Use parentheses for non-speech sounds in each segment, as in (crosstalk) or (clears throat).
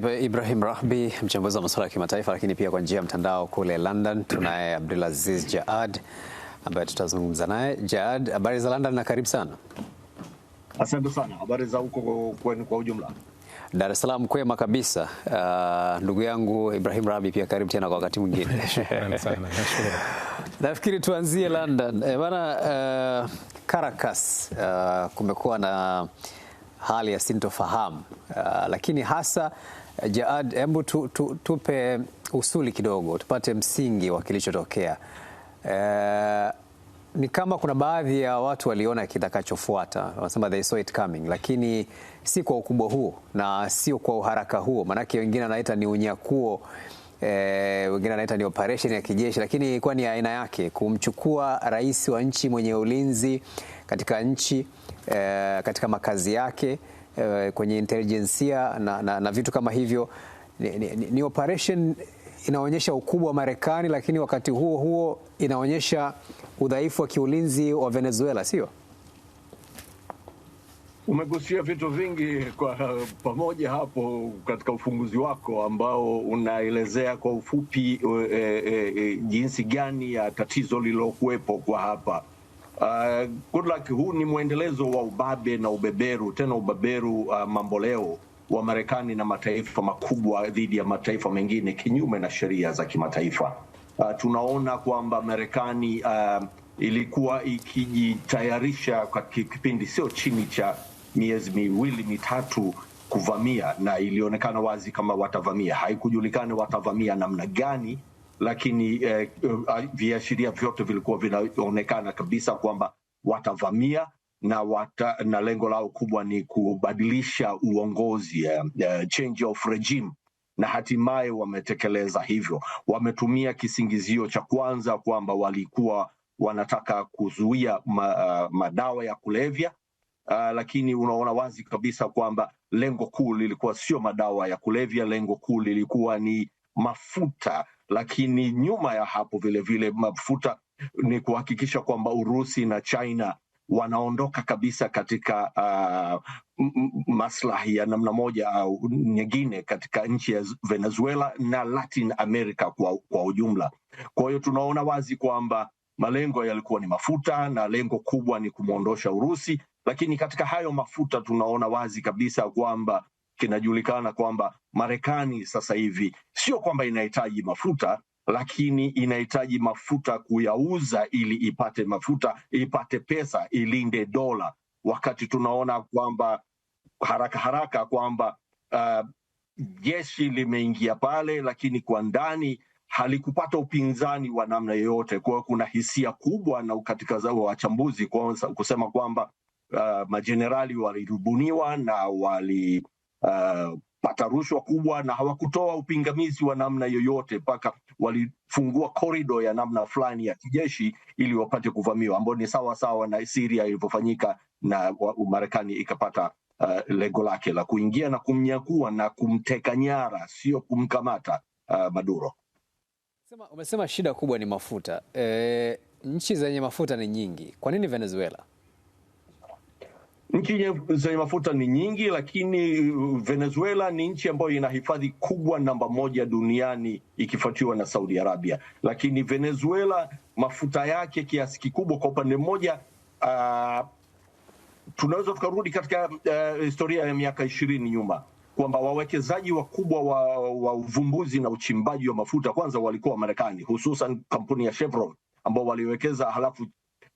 Tunaye Ibrahim Rahbi, mchambuzi wa masuala ya kimataifa, lakini pia kwa njia ya mtandao kule London tunaye Abdulaziz Jaad ambaye tutazungumza naye. Jaad, habari za London na karibu sana. Asante sana. Habari za huko kwenu kwa ujumla? Dar es Salaam kwema kabisa. Uh, ndugu yangu Ibrahim Rahbi pia karibu tena kwa wakati mwingine. (laughs) Asante sana. Nafikiri tuanzie London. E, bana ah, Caracas, uh, kumekuwa na hali ya sintofahamu uh, lakini hasa Eh, Jaad, hebu tu, tu, tupe usuli kidogo tupate msingi wa kilichotokea. E, ni kama kuna baadhi ya watu waliona kitakachofuata, wanasema they saw it coming, lakini si kwa ukubwa huo na sio kwa uharaka huo, maanake wengine anaita ni unyakuo E, wengine anaita ni operation ya kijeshi, lakini ilikuwa ni aina yake kumchukua rais wa nchi mwenye ulinzi katika nchi e, katika makazi yake Eh, kwenye intelijensia na, na, na vitu kama hivyo ni, ni, ni operation inaonyesha ukubwa wa Marekani, lakini wakati huo huo inaonyesha udhaifu wa kiulinzi wa Venezuela, sio? Umegusia vitu vingi kwa pamoja hapo katika ufunguzi wako ambao unaelezea kwa ufupi e, e, jinsi gani ya tatizo lililokuwepo kwa hapa Uh, good huu ni mwendelezo wa ubabe na ubeberu, tena ubeberu uh, mamboleo wa Marekani na mataifa makubwa dhidi ya mataifa mengine kinyume na sheria za kimataifa. Uh, tunaona kwamba Marekani uh, ilikuwa ikijitayarisha kwa kipindi sio chini cha miezi miwili mitatu kuvamia, na ilionekana wazi kama watavamia. Haikujulikana watavamia namna gani, lakini eh, eh, viashiria vyote vilikuwa vinaonekana kabisa kwamba watavamia na wata, na lengo lao kubwa ni kubadilisha uongozi eh, eh, change of regime na hatimaye wametekeleza hivyo. Wametumia kisingizio cha kwanza kwamba walikuwa wanataka kuzuia ma, uh, madawa ya kulevya uh, lakini unaona wazi kabisa kwamba lengo kuu lilikuwa sio madawa ya kulevya. Lengo kuu lilikuwa ni mafuta, lakini nyuma ya hapo vilevile vile mafuta ni kuhakikisha kwamba Urusi na China wanaondoka kabisa katika uh, maslahi ya namna moja au nyingine katika nchi ya Venezuela na Latin America kwa, kwa ujumla. Kwa hiyo tunaona wazi kwamba malengo yalikuwa ni mafuta na lengo kubwa ni kumwondosha Urusi, lakini katika hayo mafuta tunaona wazi kabisa kwamba kinajulikana kwamba Marekani sasa hivi sio kwamba inahitaji mafuta lakini inahitaji mafuta kuyauza ili ipate mafuta, ipate pesa, ilinde dola, wakati tunaona kwamba haraka haraka kwamba uh, jeshi limeingia pale, lakini kwa ndani halikupata upinzani wa namna yoyote. Kwa hiyo kuna hisia kubwa na katika za wachambuzi kusema kwamba uh, majenerali walirubuniwa na wali uh, pata rushwa kubwa na hawakutoa upingamizi wa namna yoyote, mpaka walifungua korido ya namna fulani ya kijeshi ili wapate kuvamiwa, ambao ni sawa sawa na Siria ilivyofanyika na Marekani ikapata uh, lengo lake la kuingia na kumnyakua na kumteka nyara, sio kumkamata uh, Maduro. Umesema shida kubwa ni mafuta. E, nchi zenye mafuta ni nyingi, kwa nini Venezuela? Nchi zenye mafuta ni nyingi, lakini Venezuela ni nchi ambayo ina hifadhi kubwa namba moja duniani ikifuatiwa na Saudi Arabia. Lakini Venezuela mafuta yake kiasi kikubwa, kwa upande mmoja uh, tunaweza tukarudi katika uh, historia ya miaka ishirini nyuma kwamba wawekezaji wakubwa wa, wa uvumbuzi na uchimbaji wa mafuta kwanza walikuwa marekani hususan kampuni ya Chevron ambao waliwekeza halafu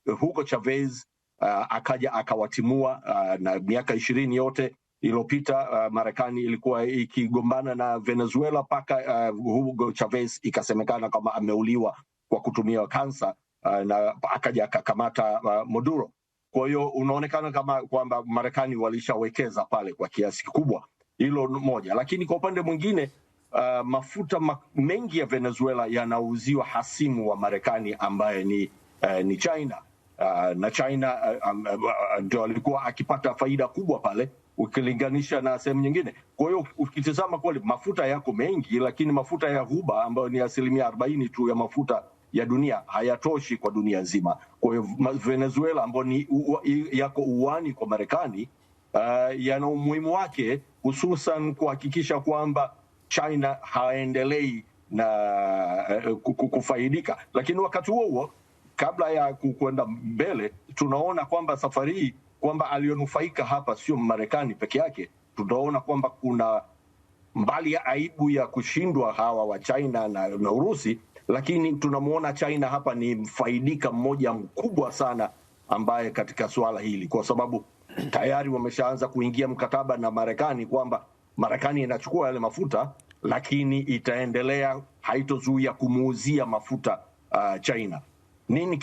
eh, huko Chavez uh, akaja akawatimua uh, na miaka ishirini yote iliyopita uh, Marekani ilikuwa ikigombana na Venezuela mpaka uh, Hugo Chavez ikasemekana kama ameuliwa kwa kutumia kansa uh, na akaja akakamata uh, Maduro. Kwa hiyo unaonekana kama kwamba Marekani walishawekeza pale kwa kiasi kikubwa, hilo moja. Lakini kwa upande mwingine uh, mafuta ma mengi ya Venezuela yanauziwa hasimu wa Marekani ambaye ni, uh, ni China uh, na China um, uh, ndio alikuwa akipata faida kubwa pale ukilinganisha na sehemu nyingine. Kwa hiyo ukitizama kweli mafuta yako mengi, lakini mafuta ya ghuba ambayo ni asilimia arobaini tu ya mafuta ya dunia hayatoshi kwa dunia nzima. Kwa hiyo Venezuela ambayo ni yako uwani kwa Marekani uh, yana umuhimu wake, hususan kuhakikisha kwamba China haendelei na uh, kufaidika, lakini wakati huo huo kabla ya kwenda mbele, tunaona kwamba safari hii kwamba aliyonufaika hapa sio Marekani peke yake. Tunaona kwamba kuna mbali ya aibu ya kushindwa hawa wa China na, na Urusi, lakini tunamwona China hapa ni mfaidika mmoja mkubwa sana ambaye katika suala hili, kwa sababu tayari wameshaanza kuingia mkataba na Marekani kwamba Marekani inachukua yale mafuta, lakini itaendelea haitozuia kumuuzia mafuta uh, China. Nini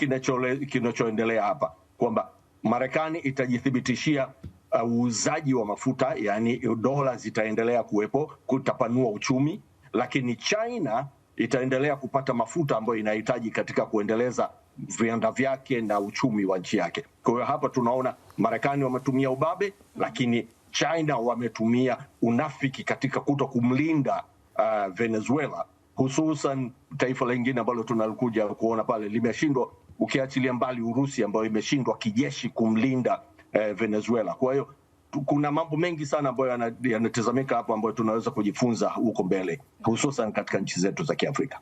kinachoendelea hapa? Kwamba Marekani itajithibitishia uh, uuzaji uh, wa mafuta, yani dola zitaendelea kuwepo, kutapanua uchumi, lakini China itaendelea kupata mafuta ambayo inahitaji katika kuendeleza viwanda vyake na uchumi wa nchi yake. Kwa hiyo hapa tunaona Marekani wametumia ubabe, lakini China wametumia unafiki katika kuto kumlinda uh, Venezuela hususan taifa lingine ambalo tunalikuja kuona pale limeshindwa, ukiachilia mbali Urusi ambayo imeshindwa kijeshi kumlinda eh, Venezuela. Kwa hiyo kuna mambo mengi sana ambayo yanatazamika hapo ambayo tunaweza kujifunza huko mbele, hususan katika nchi zetu za Kiafrika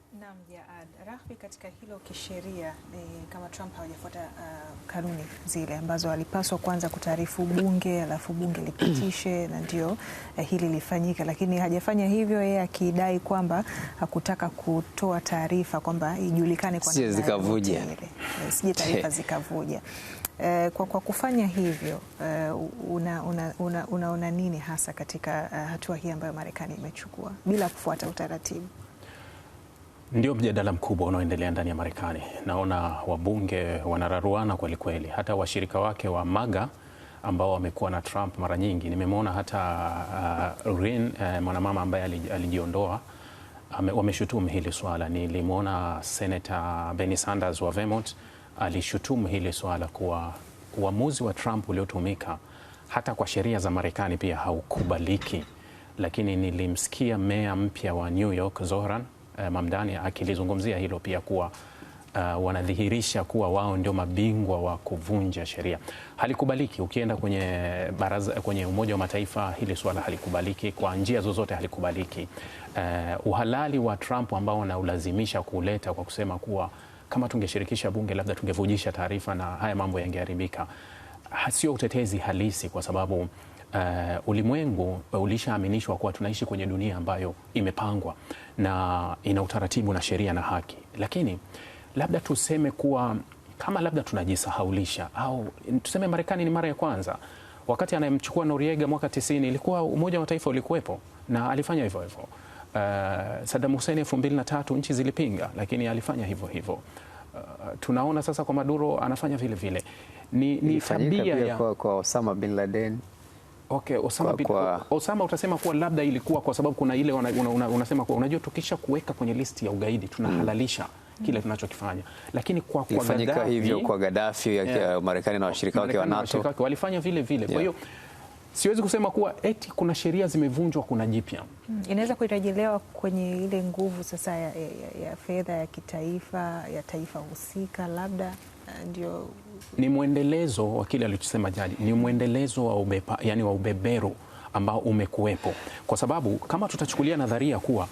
katika hilo kisheria e, kama Trump hawajafuata uh, kanuni zile ambazo alipaswa kwanza kutaarifu bunge alafu bunge lipitishe (clears throat) na ndio eh, hili lifanyika, lakini hajafanya hivyo, yeye akidai kwamba hakutaka kutoa taarifa kwamba ijulikane kwa nini zikavuja, eh, sije taarifa zikavuja. Eh, kwa, kwa kufanya hivyo unaona una, una, una, una nini hasa katika uh, hatua hii ambayo Marekani imechukua bila kufuata utaratibu? Ndio mjadala mkubwa unaoendelea ndani ya Marekani. Naona wabunge wanararuana kweli kweli, hata washirika wake wa MAGA ambao wamekuwa na Trump mara nyingi. Nimemwona hata uh, Rin uh, mwanamama ambaye alijiondoa wameshutumu hili swala. Nilimwona Senator Bernie Sanders wa Vermont alishutumu hili swala kuwa uamuzi wa Trump uliotumika hata kwa sheria za Marekani pia haukubaliki, lakini nilimsikia meya mpya wa New York Zohran uh, eh, Mamdani akilizungumzia hilo pia kuwa uh, wanadhihirisha kuwa wao ndio mabingwa wa kuvunja sheria. Halikubaliki. Ukienda kwenye baraza, kwenye Umoja wa Mataifa hili swala halikubaliki kwa njia zozote, halikubaliki. Uh, uhalali wa Trump ambao wanaulazimisha kuleta kwa kusema kuwa kama tungeshirikisha bunge labda tungevujisha taarifa na haya mambo yangeharibika, sio utetezi halisi kwa sababu uh, ulimwengu eh, ulishaaminishwa kuwa tunaishi kwenye dunia ambayo imepangwa na ina utaratibu na sheria na haki, lakini labda tuseme kuwa kama labda tunajisahaulisha au tuseme Marekani ni mara ya kwanza wakati anayemchukua Noriega mwaka 90 ilikuwa Umoja wa Mataifa ulikuwepo na alifanya hivyo hivyo. Uh, Saddam Hussein tatu nchi zilipinga, lakini alifanya hivyo hivyo. Uh, tunaona sasa kwa Maduro anafanya vile vile. Ni, ni tabia ya kwa, kwa Osama bin Laden Okay, Osama, kwa, kwa... Osama utasema kuwa labda ilikuwa kwa sababu kuna ile una, una, una, unasema kuwa unajua tukisha kuweka kwenye listi ya ugaidi tunahalalisha mm. kile tunachokifanya, lakini kwa kwa Gaddafi hivyo kwa Gaddafi ya yeah. Marekani na washirika wake wa NATO walifanya vile vile yeah. Kwa hiyo siwezi kusema kuwa eti kuna sheria zimevunjwa, kuna jipya mm. Inaweza kurejelewa kwenye ile nguvu sasa ya, ya, ya fedha ya kitaifa ya taifa husika labda eh, ndio ni mwendelezo wa kile alichosema jaji, ni mwendelezo wa ubepa, yani wa ubeberu ambao umekuwepo, kwa sababu kama tutachukulia nadharia kuwa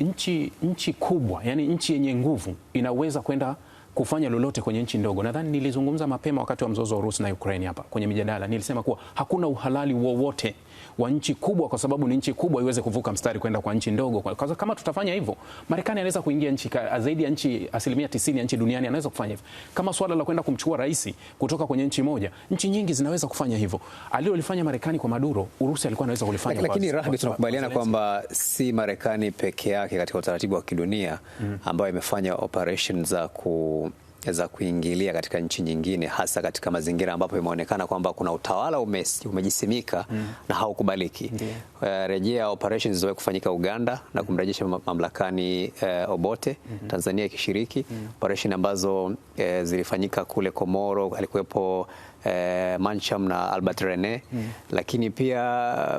nchi, nchi kubwa yani nchi yenye nguvu inaweza kwenda kufanya lolote kwenye nchi ndogo. Nadhani nilizungumza mapema wakati wa mzozo wa Urusi na Ukraine hapa kwenye mijadala, nilisema kuwa hakuna uhalali wowote wa nchi kubwa, kwa sababu ni nchi kubwa, iweze kuvuka mstari kwenda kwa nchi ndogo. Kwa kama tutafanya hivyo, Marekani anaweza kuingia nchi zaidi ya nchi asilimia tisini ya nchi duniani anaweza kufanya hivyo. Kama swala la kwenda kumchukua rais kutoka kwenye nchi moja, nchi nyingi zinaweza kufanya hivyo. Alilolifanya Marekani kwa Maduro, Urusi alikuwa anaweza kulifanya. Lakini Rahbi, tunakubaliana kwamba si Marekani peke yake katika utaratibu wa kidunia mm. ambayo imefanya operation za ku za kuingilia katika nchi nyingine, hasa katika mazingira ambapo imeonekana kwamba kuna utawala umejisimika mm. na haukubaliki yeah. Uh, rejea operations zilizowahi kufanyika Uganda na mm. kumrejesha mamlakani uh, Obote mm -hmm. Tanzania ikishiriki mm. operation ambazo uh, zilifanyika kule Komoro, alikuwepo eh, Mancham na Albert Rene mm. Lakini pia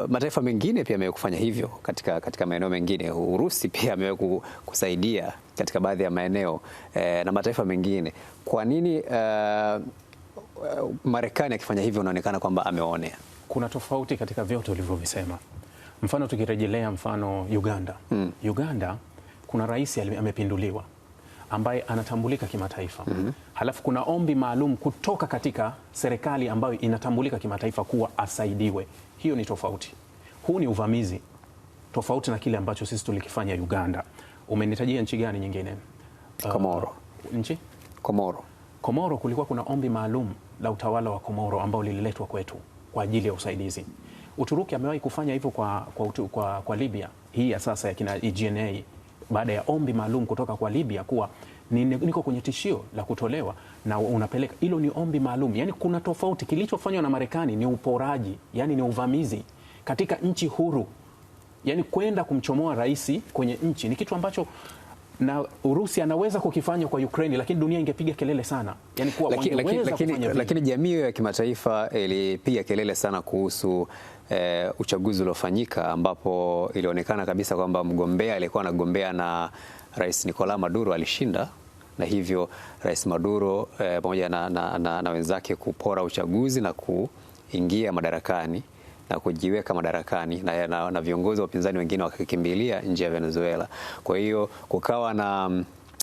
mataifa mengine pia yamewahi kufanya hivyo katika, katika maeneo mengine. Urusi pia amewahi kusaidia katika baadhi ya maeneo eh, na mataifa mengine. Kwa nini uh, Marekani akifanya hivyo unaonekana kwamba ameonea Kuna tofauti katika vyote ulivyovisema. Mfano tukirejelea mfano Uganda mm. Uganda kuna rais amepinduliwa ambaye anatambulika kimataifa mm -hmm. Halafu kuna ombi maalum kutoka katika serikali ambayo inatambulika kimataifa kuwa asaidiwe. Hiyo ni tofauti. Huu ni uvamizi tofauti na kile ambacho sisi tulikifanya Uganda. Umenitajia nchi gani nyingine? Uh, Komoro. Uh, nchi Komoro. Komoro kulikuwa kuna ombi maalum la utawala wa Komoro ambao lililetwa kwetu kwa ajili ya usaidizi. Uturuki amewahi kufanya hivyo kwa, kwa, kwa, kwa Libya hii ya sasa ya kina EGNA baada ya ombi maalum kutoka kwa Libya kuwa niko kwenye tishio la kutolewa na unapeleka. Hilo ni ombi maalum, yani kuna tofauti. Kilichofanywa na Marekani ni uporaji, yani ni uvamizi katika nchi huru, yani kwenda kumchomoa rais kwenye nchi ni kitu ambacho na Urusi anaweza kukifanya kwa Ukraine, lakini dunia ingepiga kelele sana yani kuwa, lakini, lakini, lakini, lakini jamii ya kimataifa ilipiga kelele sana kuhusu e, uchaguzi uliofanyika ambapo ilionekana kabisa kwamba mgombea aliyekuwa anagombea na Rais Nicolas Maduro alishinda na hivyo Rais Maduro e, pamoja na, na, na, na wenzake kupora uchaguzi na kuingia madarakani na kujiweka madarakani na, na, na viongozi wa upinzani wengine wakakimbilia nje ya Venezuela. Kwa hiyo kukawa na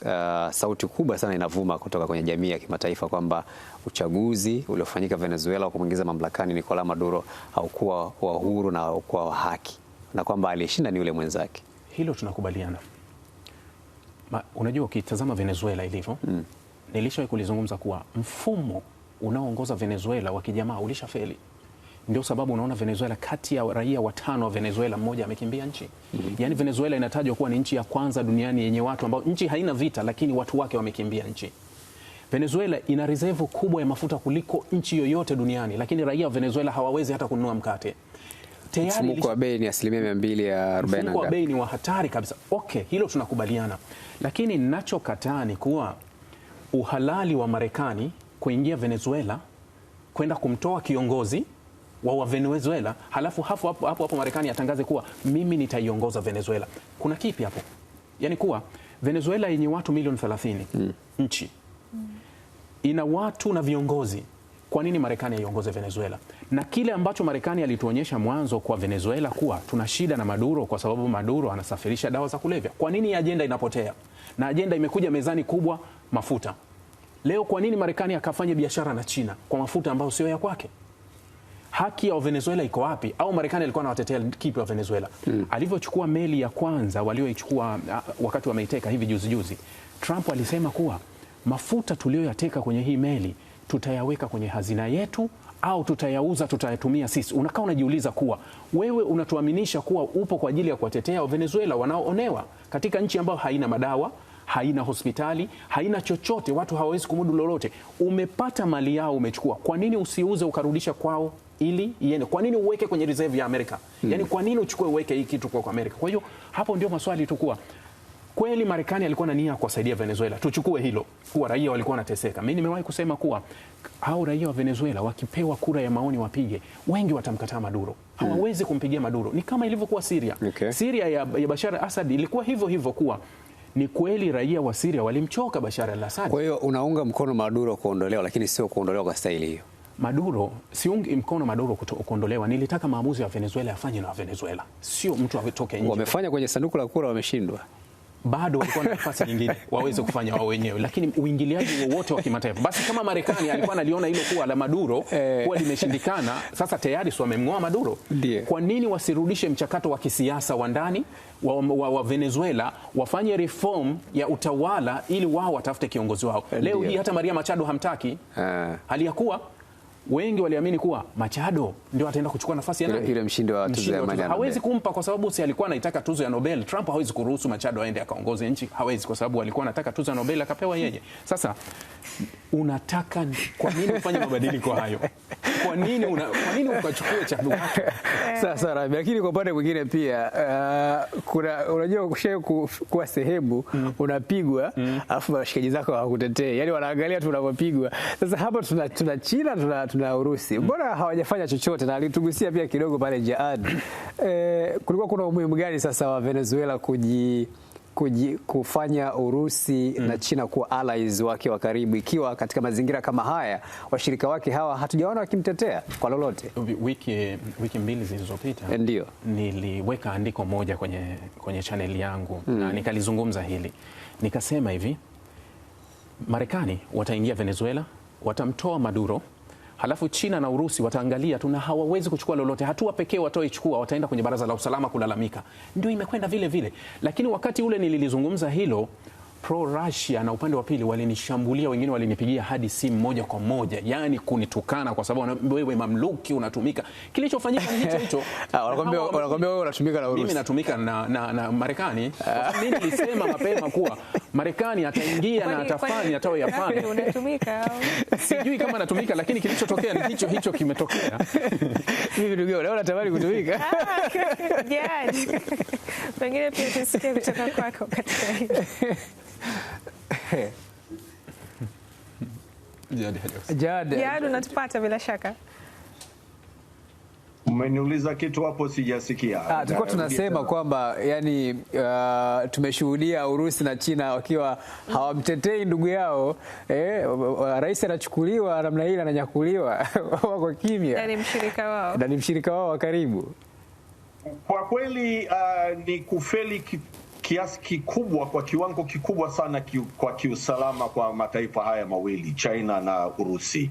uh, sauti kubwa sana inavuma kutoka kwenye jamii ya kimataifa kwamba uchaguzi uliofanyika Venezuela wa kumwingiza mamlakani Nicolas Maduro haukuwa wa huru na haukuwa wa haki na kwamba alishinda ni yule mwenzake. Hilo tunakubaliana. Ma, unajua ukitazama Venezuela ilivyo mm. Nilishawahi kulizungumza kuwa mfumo unaoongoza Venezuela wa kijamaa ulishafeli. Ndio sababu unaona Venezuela, kati ya raia watano wa Venezuela mmoja amekimbia nchi mm -hmm. Yaani Venezuela inatajwa kuwa ni nchi ya kwanza duniani yenye watu ambao nchi haina vita, lakini watu wake wamekimbia nchi. Venezuela ina reserve kubwa ya mafuta kuliko nchi yoyote duniani, lakini raia wa Venezuela hawawezi hata kununua mkate. Mfumuko wa bei ni asilimia mia Mfumuko wa bei ni wa hatari kabisa. Okay, hilo tunakubaliana, lakini ninachokataa ni kuwa uhalali wa Marekani kuingia Venezuela kwenda kumtoa kiongozi wa, wa Venezuela halafu hapo hapo hapo hapo Marekani atangaze kuwa mimi nitaiongoza Venezuela. Kuna kipi hapo? Yaani kuwa Venezuela yenye watu milioni 30 mm. nchi mm. ina watu na viongozi kwa nini Marekani aiongoze Venezuela? Na kile ambacho Marekani alituonyesha mwanzo kwa Venezuela kuwa tuna shida na Maduro kwa sababu Maduro anasafirisha dawa za kulevya. Kwa nini ajenda inapotea? Na ajenda imekuja mezani kubwa mafuta. Leo kwa nini Marekani akafanya biashara na China kwa mafuta ambayo sio ya kwake? haki ya Venezuela iko wapi? Au Marekani alikuwa anawatetea kipi wa Venezuela? Hmm. Alivyochukua meli ya kwanza walioichukua ah, wakati wameiteka hivi juzi juzi, Trump alisema kuwa mafuta tuliyoyateka kwenye hii meli tutayaweka kwenye hazina yetu au tutayauza, tutayatumia sisi. Unakaa unajiuliza kuwa wewe unatuaminisha kuwa upo kwa ajili ya kuwatetea Venezuela wanaoonewa katika nchi ambayo haina madawa haina hospitali, haina chochote, watu hawawezi kumudu lolote. Umepata mali yao umechukua, kwa nini usiuze ukarudisha kwao ili iende? Kwa nini uweke kwenye reserve ya Amerika? hmm. Yani kwa nini uchukue uweke hii kitu kwa Amerika? Kwa hiyo hapo ndio maswali tukua kweli Marekani alikuwa na nia ya kuwasaidia Venezuela, tuchukue hilo kuwa raia walikuwa wanateseka. Mimi nimewahi kusema kuwa hao raia wa Venezuela wakipewa kura ya maoni wapige, wengi watamkataa Maduro, hmm. hawawezi kumpigia Maduro. Ni kama ilivyokuwa Syria. Okay. Syria ya, ya Bashar Assad ilikuwa hivyo hivyo kuwa ni kweli raia wa Syria walimchoka Bashar al-Assad. Kwa hiyo unaunga mkono Maduro kuondolewa, lakini sio kuondolewa kwa staili hiyo. Maduro siungi mkono Maduro kuondolewa. Nilitaka maamuzi ya Venezuela yafanye na Venezuela, sio mtu atoke nje. Wamefanya kwenye sanduku la kura, wameshindwa bado walikuwa na nafasi nyingine waweze kufanya wao wenyewe, lakini uingiliaji wowote wa kimataifa. Basi kama Marekani alikuwa analiona hilo kuwa la Maduro eh. kuwa limeshindikana, sasa tayari si wamemng'oa Maduro. Kwa nini wasirudishe mchakato wa kisiasa wa ndani wa, wa, wa Venezuela wafanye reform ya utawala ili wao watafute kiongozi wao. Leo hii hata Maria Machado hamtaki ah. hali ya kuwa wengi waliamini kuwa Machado ndio ataenda kuchukua nafasi ya ile mshindi wa tuzo ya amani. Hawezi kumpa kwa sababu si alikuwa anaitaka tuzo ya Nobel. Trump hawezi kuruhusu Machado aende akaongoze nchi, hawezi kwa sababu alikuwa anataka tuzo ya Nobel akapewa yeye. Sasa unataka kwa nini ufanye mabadiliko hayo? Kwa nini una, kwa nini ukachukua cha watu? Sasa Rabi, lakini kwa upande mwingine pia uh, kuna unajua ku, kuwa sehemu mm. unapigwa mm. afu washikaji zako hawakutetei. Yaani wanaangalia tu unapopigwa. Sasa hapa tuna tuna China tuna, tuna na Urusi mbona hawajafanya chochote? Na alitugusia pia kidogo pale Jaad, (clears throat) eh, kulikuwa kuna umuhimu gani sasa wa Venezuela kuji Kuji, kufanya Urusi mm. na China kuwa allies wake wa karibu ikiwa katika mazingira kama haya washirika wake hawa hatujaona wakimtetea kwa lolote. Wiki, wiki mbili zilizopita eh, ndio niliweka andiko moja kwenye, kwenye chaneli yangu mm. na nikalizungumza hili nikasema hivi, Marekani wataingia Venezuela, watamtoa Maduro halafu China na Urusi wataangalia tu na hawawezi kuchukua lolote. Hatua pekee watoichukua, wataenda kwenye Baraza la Usalama kulalamika. Ndio imekwenda vile vile, lakini wakati ule nililizungumza hilo pro Russia na upande wa pili walinishambulia, wengine walinipigia hadi simu moja kwa moja, yani kunitukana kwa sababu wewe mamluki unatumika. Kilichofanyika ni hicho (laughs) hicho, ah, wanakuambia wewe unatumika na Urusi, mimi natumika na, na, na Marekani. Mimi nilisema mapema kuwa Marekani ataingia na atafanya atawe yafanya, (laughs) sijui kama anatumika, lakini kilichotokea ni hicho hicho kimetokea. (laughs) Natamani kutumika ah, (laughs) pengine pia tusikie kutoka kwako katika hili. Jad, unatupata bila shaka. Umeniuliza kitu hapo sijasikia. Ah, tulikuwa tunasema kwamba yani, uh, tumeshuhudia Urusi na China wakiwa hawamtetei ndugu yao eh, rais anachukuliwa namna ile ananyakuliwa (laughs) wako kimya. Na ni mshirika wao. Na ni mshirika wao wa karibu. Kwa kweli uh, ni kufeli ki kiasi kikubwa kwa kiwango kikubwa sana ki, kwa kiusalama kwa mataifa haya mawili China na Urusi.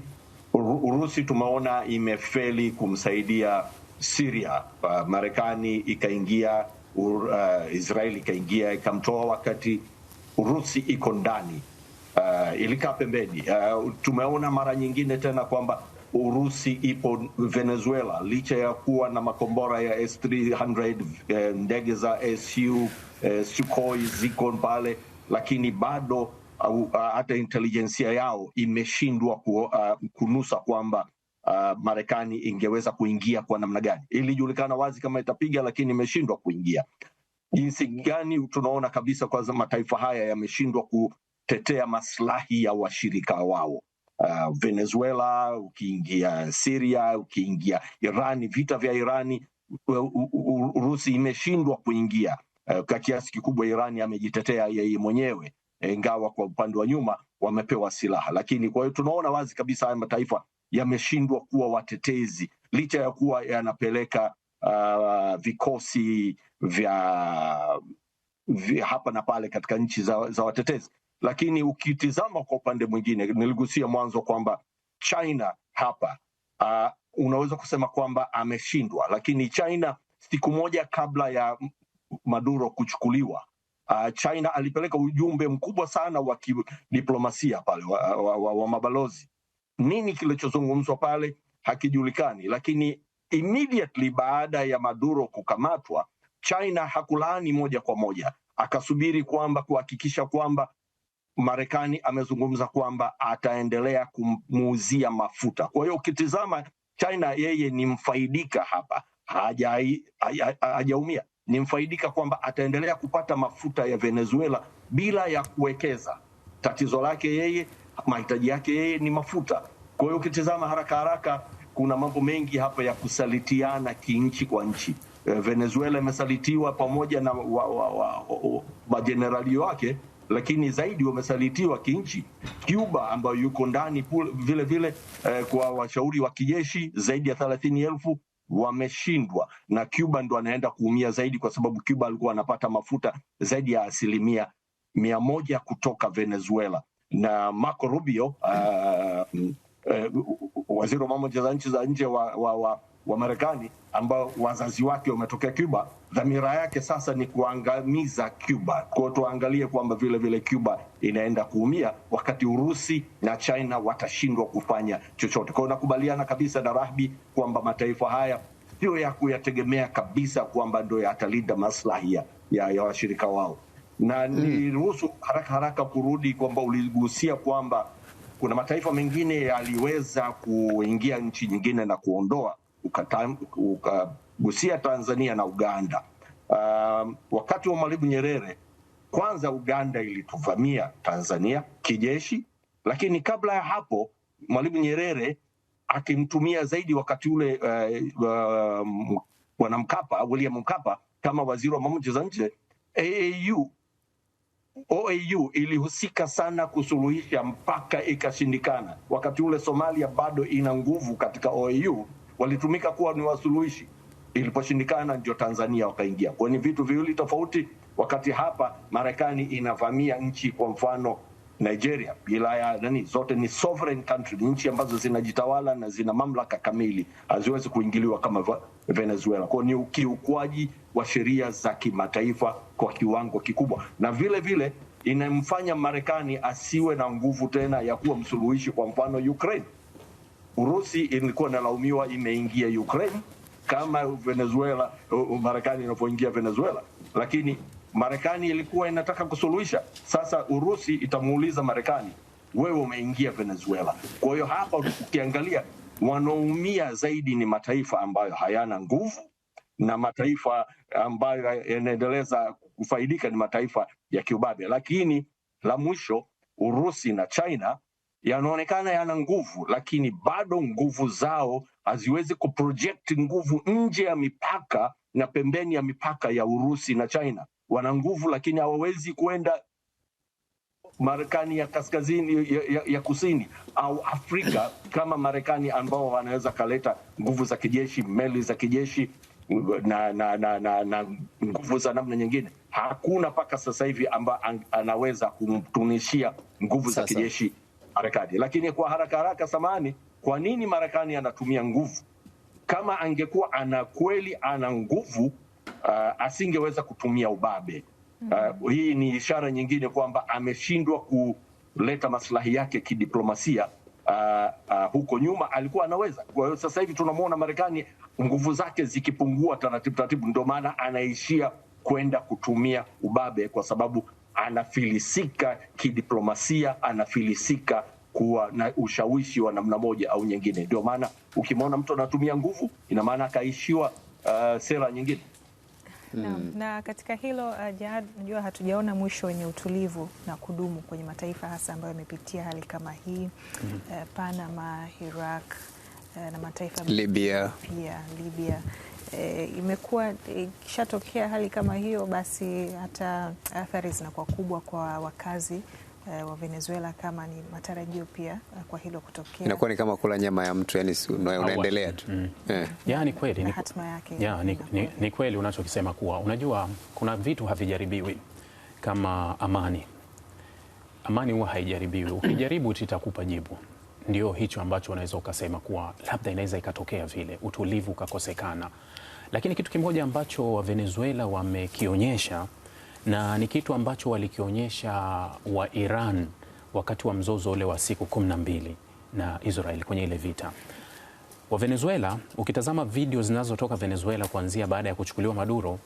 Urusi tumeona imefeli kumsaidia Syria. Marekani ikaingia uh, Israeli ikaingia ikamtoa wakati Urusi iko ndani uh, ilikaa pembeni. Uh, tumeona mara nyingine tena kwamba Urusi ipo Venezuela licha ya kuwa na makombora ya S300 eh, ndege za su eh, Sukhoi ziko pale, lakini bado au hata intelijensia yao imeshindwa ku, uh, kunusa kwamba uh, Marekani ingeweza kuingia kwa namna gani. Ilijulikana wazi kama itapiga, lakini imeshindwa kuingia. Jinsi mm. gani tunaona kabisa kwanza mataifa haya yameshindwa kutetea maslahi ya washirika wao. Uh, Venezuela, ukiingia Syria, ukiingia Irani, vita vya Irani, Urusi imeshindwa kuingia. Uh, kwa kiasi kikubwa Irani amejitetea yeye mwenyewe Eh, ingawa kwa upande wa nyuma wamepewa silaha. Lakini kwa hiyo tunaona wazi kabisa haya mataifa yameshindwa kuwa watetezi licha ya kuwa yanapeleka uh, vikosi vya, vya hapa na pale katika nchi za, za watetezi. Lakini ukitizama kwa upande mwingine, niligusia mwanzo kwamba China hapa uh, unaweza kusema kwamba ameshindwa, lakini China siku moja kabla ya Maduro kuchukuliwa uh, China alipeleka ujumbe mkubwa sana wa kidiplomasia pale wa, wa, wa, wa mabalozi. Nini kilichozungumzwa pale hakijulikani, lakini immediately baada ya Maduro kukamatwa, China hakulaani moja kwa moja, akasubiri kwamba kuhakikisha kwamba Marekani amezungumza kwamba ataendelea kumuuzia mafuta. Kwa hiyo ukitizama China, yeye ni mfaidika hapa, hajaumia haja ni mfaidika kwamba ataendelea kupata mafuta ya Venezuela bila ya kuwekeza. Tatizo lake yeye, mahitaji yake yeye ni mafuta. Kwa hiyo ukitizama haraka haraka, kuna mambo mengi hapa ya kusalitiana kinchi kwa nchi. E, Venezuela imesalitiwa pamoja na majenerali wake, lakini zaidi wamesalitiwa kinchi. Cuba ambayo yuko ndani vile vile eh, kwa washauri wa kijeshi zaidi ya thelathini elfu wameshindwa, na Cuba ndo anaenda kuumia zaidi, kwa sababu Cuba alikuwa anapata mafuta zaidi ya asilimia mia moja kutoka Venezuela na Marco Rubio uh, uh, waziri wa mambo ya nchi za nje wa, wa, wa, wa Marekani ambao wazazi wake wametokea Cuba, dhamira yake sasa ni kuangamiza Cuba. Kwa tuangalie kwamba vile vile Cuba inaenda kuumia wakati Urusi na China watashindwa kufanya chochote. Kwa hiyo nakubaliana kabisa na Rahbi kwamba mataifa haya sio ya kuyategemea kabisa kwamba ndio yatalinda maslahi ya, ya washirika wao na niruhusu hmm. mm, haraka haraka kurudi kwamba uligusia kwamba kuna mataifa mengine yaliweza kuingia nchi nyingine na kuondoa ukagusia Tanzania na Uganda. Um, wakati wa Mwalimu Nyerere kwanza Uganda ilituvamia Tanzania kijeshi, lakini kabla ya hapo Mwalimu Nyerere akimtumia zaidi wakati ule bwana uh, uh, Mkapa, William Mkapa kama waziri wa mambo za nje. AAU OAU ilihusika sana kusuluhisha mpaka ikashindikana. Wakati ule Somalia bado ina nguvu katika OAU walitumika kuwa ni wasuluhishi, iliposhindikana ndio Tanzania wakaingia. Kwa ni vitu viwili tofauti, wakati hapa Marekani inavamia nchi, kwa mfano Nigeria bila ya nani, zote ni sovereign country, ni nchi ambazo zinajitawala na zina mamlaka kamili, haziwezi kuingiliwa kama Venezuela. Kwa ni ukiukwaji wa sheria za kimataifa kwa kiwango kikubwa, na vile vile inamfanya Marekani asiwe na nguvu tena ya kuwa msuluhishi, kwa mfano Ukraine Urusi ilikuwa inalaumiwa imeingia Ukraine kama Venezuela, Marekani inapoingia Venezuela, lakini Marekani ilikuwa inataka kusuluhisha. Sasa Urusi itamuuliza Marekani, wewe umeingia Venezuela. Kwa hiyo hapa ukiangalia, wanaumia zaidi ni mataifa ambayo hayana nguvu na mataifa ambayo yanaendeleza kufaidika ni mataifa ya kiubabe. Lakini la mwisho, Urusi na China yanaonekana yana nguvu, lakini bado nguvu zao haziwezi kuproject nguvu nje ya mipaka na pembeni ya mipaka ya Urusi na China. Wana nguvu lakini hawawezi kuenda Marekani ya kaskazini ya, ya, ya kusini au Afrika kama Marekani ambao wanaweza kaleta nguvu za kijeshi, meli za kijeshi na na na, na, na nguvu za namna nyingine. Hakuna mpaka sasa hivi ambaye anaweza kumtunishia nguvu Sasa. za kijeshi harakati. Lakini kwa haraka haraka, samani, kwa nini Marekani anatumia nguvu? Kama angekuwa ana kweli ana nguvu uh, asingeweza kutumia ubabe. Mm-hmm. Uh, hii ni ishara nyingine kwamba ameshindwa kuleta maslahi yake kidiplomasia. Uh, uh, huko nyuma alikuwa anaweza. Kwa hiyo sasa hivi tunamwona Marekani nguvu zake zikipungua taratibu taratibu, ndio maana anaishia kwenda kutumia ubabe, kwa sababu anafilisika kidiplomasia, anafilisika kuwa na ushawishi wa namna moja au nyingine. Ndio maana ukimwona mtu anatumia nguvu, ina maana akaishiwa uh, sera nyingine. Hmm. Na, na katika hilo uh, Jihad, najua hatujaona mwisho wenye utulivu na kudumu kwenye mataifa hasa ambayo yamepitia hali kama hii hmm. uh, Panama, Iraq uh, na mataifa Libya. Pia, Libya e, imekuwa eh, ikishatokea hali kama hiyo, basi hata athari zinakuwa kubwa kwa wakazi eh, wa Venezuela kama ni matarajio pia kwa hilo kutokea. Inakuwa ni kama kula nyama ya mtu yani, unaendelea tu mm. yeah. Yeah, ni kweli ni hatima yake yeah, ni, ni, ni kweli unachokisema kuwa unajua kuna vitu havijaribiwi kama amani. Amani huwa haijaribiwi, ukijaribu itakupa jibu ndio hicho ambacho unaweza ukasema kuwa labda inaweza ikatokea vile, utulivu ukakosekana. Lakini kitu kimoja ambacho Wavenezuela wamekionyesha na ni kitu ambacho walikionyesha wa Iran wakati wa mzozo ule wa siku kumi na mbili na Israel kwenye ile vita wa Venezuela. Ukitazama video zinazotoka Venezuela kuanzia baada ya kuchukuliwa Maduro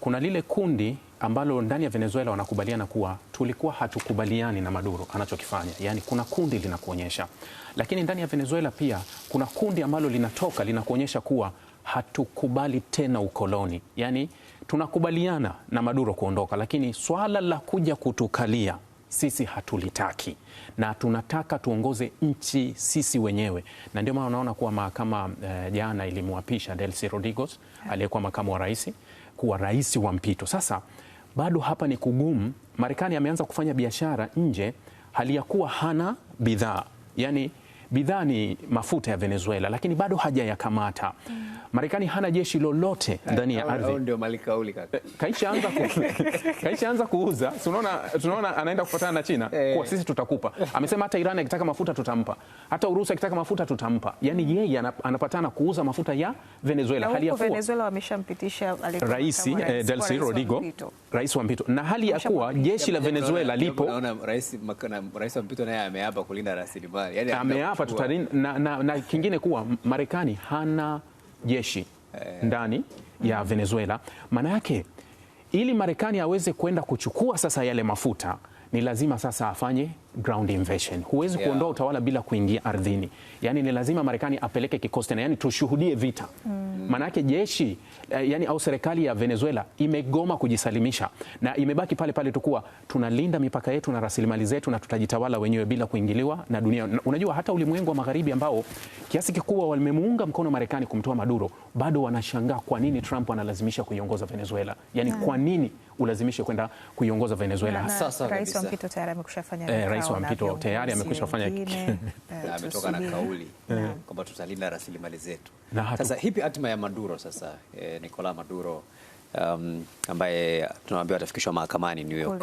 kuna lile kundi ambalo ndani ya Venezuela wanakubaliana kuwa tulikuwa hatukubaliani na Maduro anachokifanya, yani kuna kundi linakuonyesha. Lakini ndani ya Venezuela pia kuna kundi ambalo linatoka linakuonyesha kuwa hatukubali tena ukoloni, yani tunakubaliana na Maduro kuondoka, lakini swala la kuja kutukalia sisi hatulitaki na tunataka tuongoze nchi sisi wenyewe, na ndio maana unaona kuwa mahakama eh, jana uh, ilimwapisha Delcy Rodriguez aliyekuwa makamu wa rais kuwa rais wa mpito. Sasa bado hapa ni kugumu. Marekani ameanza kufanya biashara nje hali ya kuwa hana bidhaa, yani bidhaa ni mafuta ya Venezuela, lakini bado hajayakamata. mm. Marekani hana jeshi lolote eh, ndani ya ardhi. Ndio malikauli kaka. Eh, Kaisha anza ku, (laughs) Kaisha anza kuuza. Tunaona tunaona anaenda kufuatana na China eh. kwa sisi tutakupa. Amesema hata Iran akitaka mafuta tutampa. Hata Urusi akitaka mafuta tutampa. Yaani mm. yeye anapatana kuuza mafuta ya Venezuela. Hali ya kuwa Venezuela wameshampitisha Rais eh, Delcy Rodrigo, rais wa mpito. Na hali ya kuwa jeshi la Venezuela lipo. Naona rais rais wa mpito naye ameapa kulinda rasilimali. Yaani ameapa taifa tutarini na, na, na kingine kuwa Marekani hana jeshi eh. ndani ya mm. Venezuela. Maana yake ili Marekani aweze kwenda kuchukua sasa yale mafuta ni lazima sasa afanye ground invasion. Huwezi yeah, kuondoa utawala bila kuingia ardhini, yaani ni lazima Marekani apeleke kikosi tena, yaani tushuhudie vita mm. Maanake jeshi Eh, yani au serikali ya Venezuela imegoma kujisalimisha na imebaki pale pale tu kuwa tunalinda mipaka yetu na rasilimali zetu na tutajitawala wenyewe bila kuingiliwa na dunia. Unajua hata ulimwengu wa magharibi ambao kiasi kikubwa wamemuunga mkono Marekani kumtoa Maduro bado wanashangaa kwa nini Trump analazimisha kuiongoza Venezuela, yani kwa nini ulazimishe kwenda kuiongoza Venezuela. Sasa rais wa mpito tayari amekushafanya eh, rais wa mpito tayari amekushafanya eh, ametoka na kauli eh, kwamba tutalinda rasilimali zetu. Sasa hipi hatima ya Maduro sasa, eh, Nicolas Maduro um, ambaye tunaambiwa atafikishwa mahakamani New York.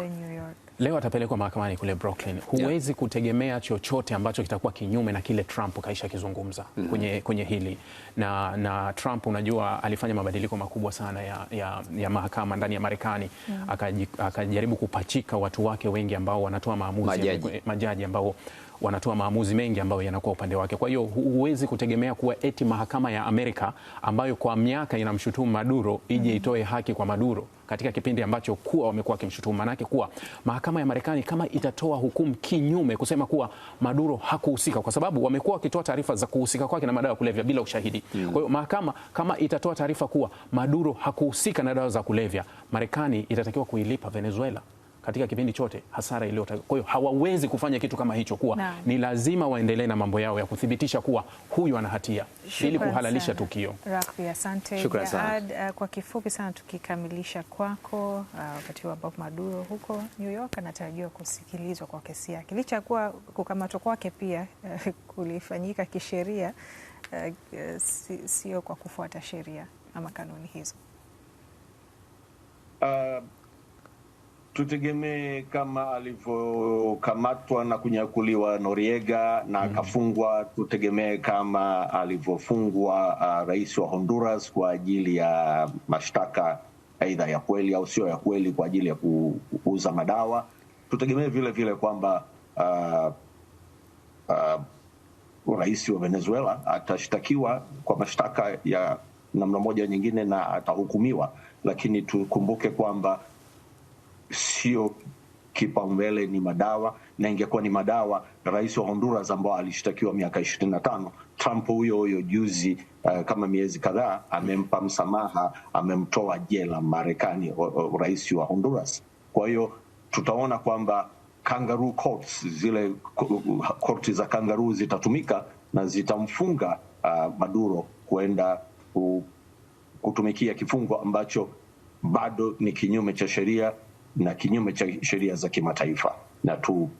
leo atapelekwa mahakamani kule Brooklyn. Huwezi yeah, kutegemea chochote ambacho kitakuwa kinyume na kile Trump kaisha kizungumza mm -hmm, kwenye, kwenye hili na, na Trump unajua alifanya mabadiliko makubwa sana ya, ya, ya mahakama ndani ya Marekani mm -hmm, akajaribu kupachika watu wake wengi ambao wanatoa maamuzi majaji, majaji ambao wanatoa maamuzi mengi ambayo yanakuwa upande wake. Kwa hiyo huwezi kutegemea kuwa eti mahakama ya Amerika ambayo kwa miaka inamshutumu Maduro ije itoe haki kwa Maduro katika kipindi ambacho kuwa wamekuwa wakimshutumu. Manake kuwa mahakama ya Marekani kama itatoa hukumu kinyume, kusema kuwa Maduro hakuhusika, kwa sababu wamekuwa wakitoa taarifa za kuhusika kwake na madawa ya kulevya bila ushahidi mm. Kwa hiyo mahakama kama itatoa taarifa kuwa Maduro hakuhusika na dawa za kulevya, Marekani itatakiwa kuilipa Venezuela katika kipindi chote hasara iliyotokea. Kwa hiyo hawawezi kufanya kitu kama hicho, kuwa na ni lazima waendelee na mambo yao ya kuthibitisha kuwa huyu ana hatia ili kuhalalisha tukio. Rafi, asante. Shukrani sana. Eh, kwa kifupi sana tukikamilisha kwako, eh, wakati wa ambapo Maduro huko New York anatarajiwa kusikilizwa kwa kesi yake, licha kuwa kukamatwa kwake pia eh, kulifanyika kisheria, sio kwa kufuata sheria ama kanuni hizo. Uh, tutegemee kama alivyokamatwa na kunyakuliwa Noriega na mm-hmm. akafungwa, tutegemee kama alivyofungwa uh, rais wa Honduras kwa ajili ya mashtaka aidha ya kweli au sio ya kweli kwa ajili ya kuuza madawa. Tutegemee vile vile kwamba uh, uh, rais wa Venezuela atashtakiwa kwa mashtaka ya namna moja nyingine na atahukumiwa, lakini tukumbuke kwamba sio kipaumbele ni madawa, na ingekuwa ni madawa, rais wa Honduras ambao alishtakiwa miaka ishirini na tano Trump huyo huyo juzi, uh, kama miezi kadhaa amempa msamaha, amemtoa jela Marekani, rais wa Honduras. Kwa hiyo tutaona kwamba kangaroo courts, zile korti za kangaruu zitatumika na zitamfunga uh, Maduro kuenda kutumikia kifungo ambacho bado ni kinyume cha sheria na kinyume cha sheria za kimataifa, na tu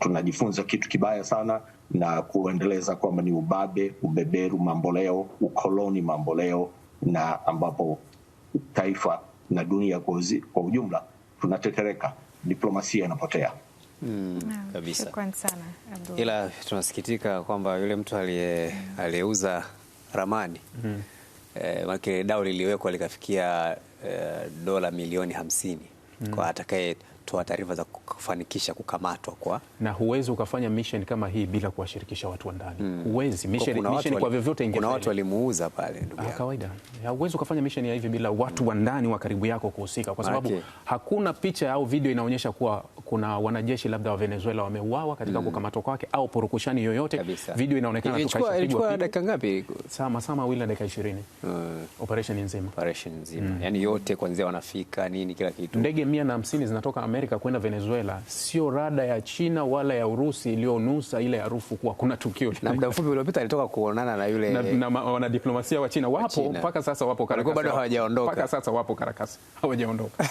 tunajifunza kitu kibaya sana na kuendeleza kwamba ni ubabe, ubeberu mamboleo, ukoloni mamboleo, na ambapo taifa na dunia kwa, kwa ujumla tunatetereka, diplomasia inapotea. Mm, kabisa. ila tunasikitika kwamba yule mtu aliyeuza ramani mm. Eh, dau liliwekwa likafikia eh, dola milioni hamsini kwa atakaye kutoa taarifa za kufanikisha kukamatwa kwa, na huwezi ukafanya mission kama hii bila kuwashirikisha watu wa ndani mm. Huwezi mission, kuna mission kwa vyovyote ingefanya. Kuna watu walimuuza pale ndugu ah, yako, kawaida huwezi ukafanya mission ya hivi bila watu mm. wa ndani wa karibu yako kuhusika, kwa sababu okay. hakuna picha au video inaonyesha kuwa kuna wanajeshi labda wa Venezuela wameuawa katika mm. kukamatwa kwake au porukushani yoyote Kabisa. Video inaonekana tu Ilikuwa dakika ngapi? Sama sama wila dakika 20 mm. operation nzima, operation nzima mm. yani yote kuanzia wanafika nini kila kitu, ndege 150 zinatoka Amerika kwenda Venezuela sio rada ya China wala ya Urusi iliyonusa ile harufu kuwa kuna tukio lile. Na muda mfupi uliopita alitoka kuonana na yule na, na wanadiplomasia wa China wapo mpaka sasa, wapo Karakasi, bado hawajaondoka mpaka sasa, wapo Karakasi hawajaondoka.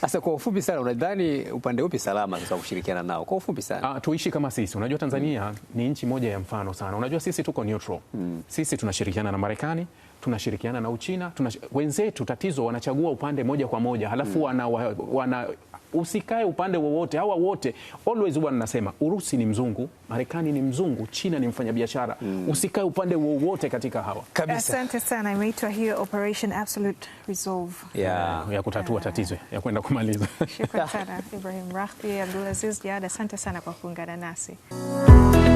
Sasa (laughs) kwa ufupi sana, unadhani upande upi salama sasa kushirikiana nao kwa ufupi sana? Ah, tuishi kama sisi. Unajua Tanzania mm. ni nchi moja ya mfano sana. Unajua sisi tuko neutral mm. sisi tunashirikiana na Marekani tunashirikiana na Uchina tunash... wenzetu tatizo wanachagua upande moja kwa moja halafu mm. wana, wana usikae upande wowote. Hawa wote always huwa nasema Urusi ni mzungu, Marekani ni mzungu, China ni mfanyabiashara mm. usikae upande wowote katika hawa kabisa. Asante sana, imeitwa hiyo Operation Absolute Resolve yeah. ya kutatua yeah. tatizo ya kwenda kumaliza. Shukrani (laughs) sana Ibrahim Rahbi, Abdulaziz Jad, asante sana kwa kuungana nasi.